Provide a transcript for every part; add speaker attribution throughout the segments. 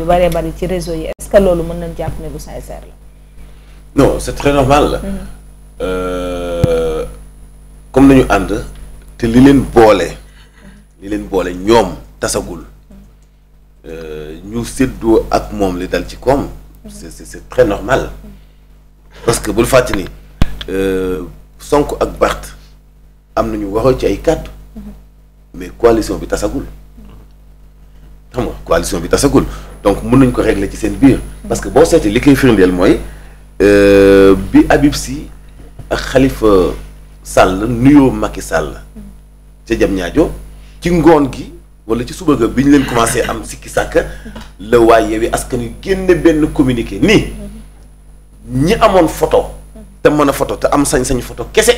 Speaker 1: yu bare bëri ci réseau yi est-ce que loolu mën nañ jàpp ne bu sincère la. non c'est très normal la. Mm-hmm. Euh, comme nañu ànd te li leen boole. li leen boole ñoom tasagul. Euh, ñu séddoo ak moom li dal ci koom. Mm-hmm. c'est c'est très normal. Mm-hmm. parce que bul fàtte ni euh, Sonko ak bart am nañu waxoo ci ay kàddu. mais coalition bi tasagul. xam nga coalition bi tasagul. donc mun nañ ko régler ci seen biir parce que boo seetee li koy firndeel mooy euh, bi Habib Sy ak Khalifa Sall nuyoo Macky Sall ca jam ñaajo ci ngoon gi wala ci suba ga bi ñu leen commencé am sikki sàkka la waaye wi askan wi génne benn communiqué nii ñi amoon photo te mën a photo te am sañ-sañ photo kese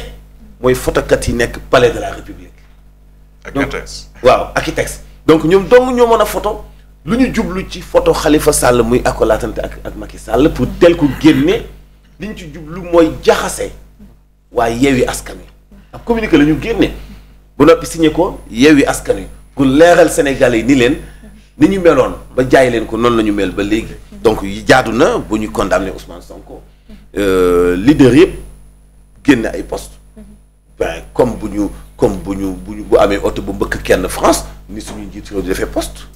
Speaker 1: mooy photokat yi nekk palais de la république donc waaw ak donc ñoom dong ñoo mën a photo lu ñu jublu ci photo xalifa Sall muy akolaatante ak ak Macky Sall pour del ko génne li ñu ci jublu mooy jaxase waaye Yewwi Askan Wi ab communiqué lañu génne bu noppi siñe ko Yewwi Askan Wi pour leeral Sénégalais yi ni leen ni ñu meloon ba jaay leen ko noonu lañu ñu mel ba léegi donc yi jaadu na bu ñu condamné Ousmane Sonko euh, leader yëpp génne ay poste ben comme bu ñu comme bu ñu bu bu amee oto bu mbëkk kenn France ni suñu njiit réew post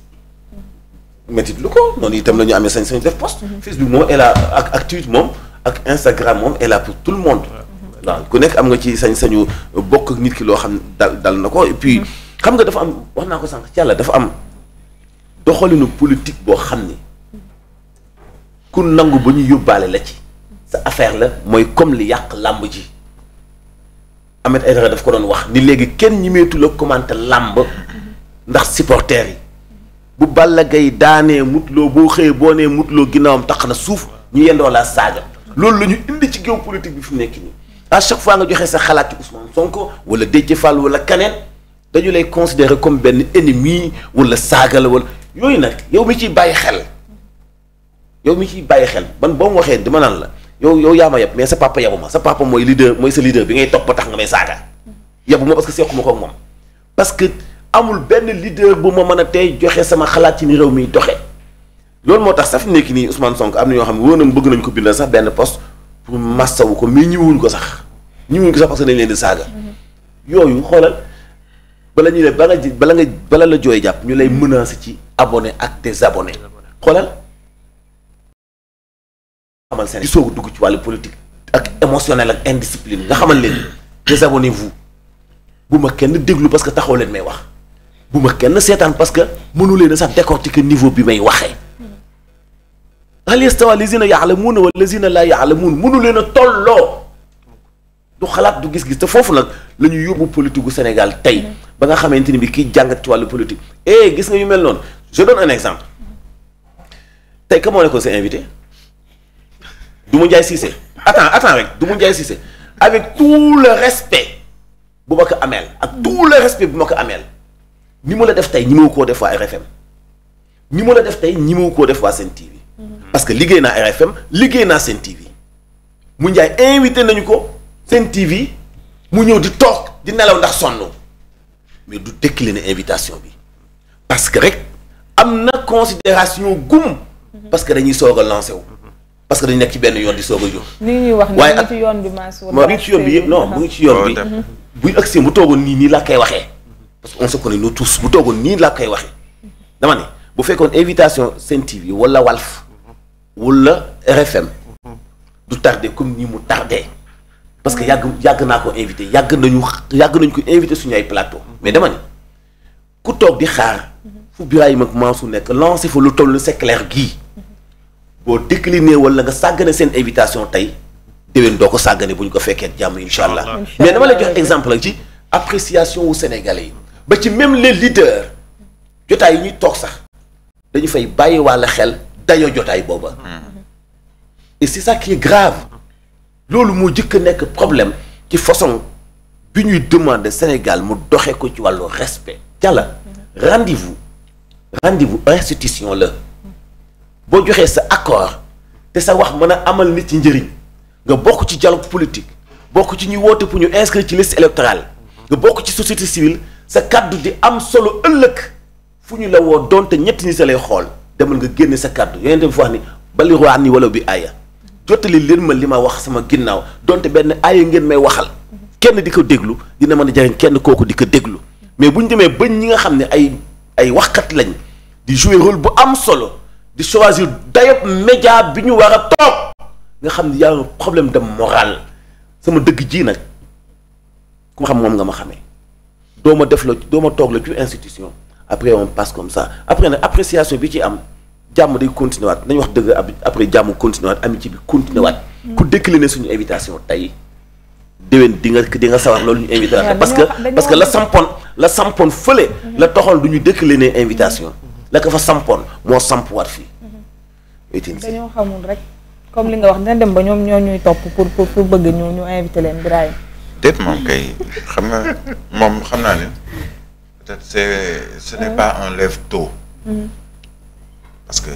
Speaker 1: métit lu ko noonu itam la ñu amee sañ-sañ def post mhm. Facebook moom est là ak ak Twitter moom ak Instagram moom est là pour tout le monde ku nekk am nga ci sañ-sañu bokk ak nit ki loo xam ne dal dal na ko et puis mhm. xam nga dafa am wax naa ko sànq ci yàlla dafa am doxalinu politique boo xam ni ku nangu ba ñu yóbbaale la ci sa affaire la mooy comme li yàq làmb ji Ahmed Aïdara daf ko doon wax ni léegi kenn ñi meetu la commenter làmb mhm. ndax supporters yi bu Balla Gaye daanee mutloo boo xëyee boo nee mutloo ginnaawam tax na suuf ñu yendoo laa saaga loolu la ñu indi ci géopolitique bi fi nekk nii à chaque fois nga joxe sa xalaat ci Ousmane Sonko wala Déthié Fall wala keneen dañu lay considérer comme benn ennemi wala saaga la wala yooyu nag yow mi ciy bàyyi xel yow mi ciy bàyyi xel man boom ma waxee dama naan la yow yow yaa ma yab mais sa papa yabu sa papa mooy leader mooy sa leader bi ngay topp ba tax nga may saaga yabu ma parce amul benn leader bu ma mën a tey joxe sama xalaat ci ni réew miy doxee loolu moo tax sax nekk nii Ousmane sonk am na ñoo xam ne wóor na bëgg nañ ko bindal sax benn poste pour massawu ko mais ñëwuñ ko sax ñëwuñ ko sax parce que dañ leen di saaga. yooyu xoolal bala ñu ne ba nga bala nga bala la jooy jàpp ñu lay menacer ci abone ak désabonné xoolal. xamal seen i soog dugg ci wàllu politique ak émotionnel ak indiscipline nga xamal leen désabonnez-vous bu ma kenn déglu parce que taxaw leen may wax. bu ma kenn seetaan parce que mënu leen a sax décortiquer niveau bi may waxee hal yastawa lazina yaalamuuna wa lazina laa yaalamuun mënu leen a tolloo du xalaat du gis-gis te foofu nag la ñuy yóbbu politique gu Sénégal tey ba nga xamante ni bi kiy jàngat ci wàllu politique eh, gis nga yu mel noonu je donne un exemple tey ka moo nekkoon sa invité Doumou mu Cissé attends attends rek Doumou Ndiaye Cissé avec tout le respect bu ma ko ameel ak tout le respect bu ma ko ameel ni ma la def tey ñi ma koo def waa RFM ni ma la def tey ñi koo def waa Sen TV mm-hmm. parce que liggéey naa RFM liggéey naa Sen TV mu njaay invité nañu ko seen TV mu ñëw di toog di nelaw ndax sonn mais du décliner invitation bi parce que rek am na considération gum mm-hmm. parce que dañuy soog a lancé wu mm-hmm. parce que dañu nekk ci benn yoon di soog a jóg. ni ñuy wax ni mu ngi ci yoon bi yëpp non mu ngi ci yoon bi. bu ñu agsee bu nii nii laa koy waxee. parce que on se connaît nous tous bu toogoon nii laa koy waxee dama bu fekkoon invitation Sen TV wala Walf wala RFM du tarde comme nii mu tardé parce que yàgg yàgg naa ko invité yàgg nañu yàgg nañu ko invité suñu ay plateau mais dama ne ku toog di xaar fu Birahim ak Mansour nekk lancé fa lu toll ni Séclair gii boo décliné wala nga sàggane seen invitation tey déwén doo ko sàggane bu ñu ko fekkee jàmm incha allah mais dama lay jox exemple ak ci appréciation wu sénégalais yi ba ci même les leaders jotaay yi ñuy toog sax dañu fay bàyyi wàlla xel dayoo jotaay booba hmm. et c'est ça grave loolu moo jëkk nekk problème ci façon bi ñuy demander Sénégal mu doxee ko ci wàllu respect jàlla rendez-vous rendez-vous institution la boo joxee sa accord te sa wax mën a amal nit ci njëriñ nga bokk ci dialogue politique bokk ci ñuy woote pour ñu inscrire ci liste électorale nga bokk ci société civile sa kàddu di am solo ëllëg fu ñu la woo doonte ñetti ñi sa xool demal nga génne sa kàddu yonent bi fa wax ni bali ni wala bi aaya jottali leen ma li ma wax sama ginnaaw donte benn aaya ngeen may waxal kenn di ko déglu dina mën a jariñ kenn kooku di ko déglu mais bu ñu demee ba ñi nga xam ne ay ay waxkat lañ di jouer rôle bu am solo di choisir dayop média bi ñu war a toog nga xam ne yaa problème de morale sama dëgg jii nag ku ma xam moom nga ma xamee doo ma def la doo ma toog la ci institution après on passe comme ça après nag appréciation bi ci am jàmm day continué nañu wax dëgg après jàmm continué waat amitié bi continué waat. Mm. ku décliné suñu invitation tey déwén di nga di sawar loolu ñu invité parce que la sampoon la sampoon fële. Mm-hmm. la toxoon du ñu décliné mm-hmm. invitation. la ko fa sampoon moo sampuwaat fii. Mm-hmm. dañoo xamul rek comme li nga wax dina dem ba ñoom ñoo ñuy topp pour pour bëgg ñu ñu invité déet moom kay xam nga moom xam naa ne peut-être c'est ce n'est pas un lève-tôt. Mm. parce que.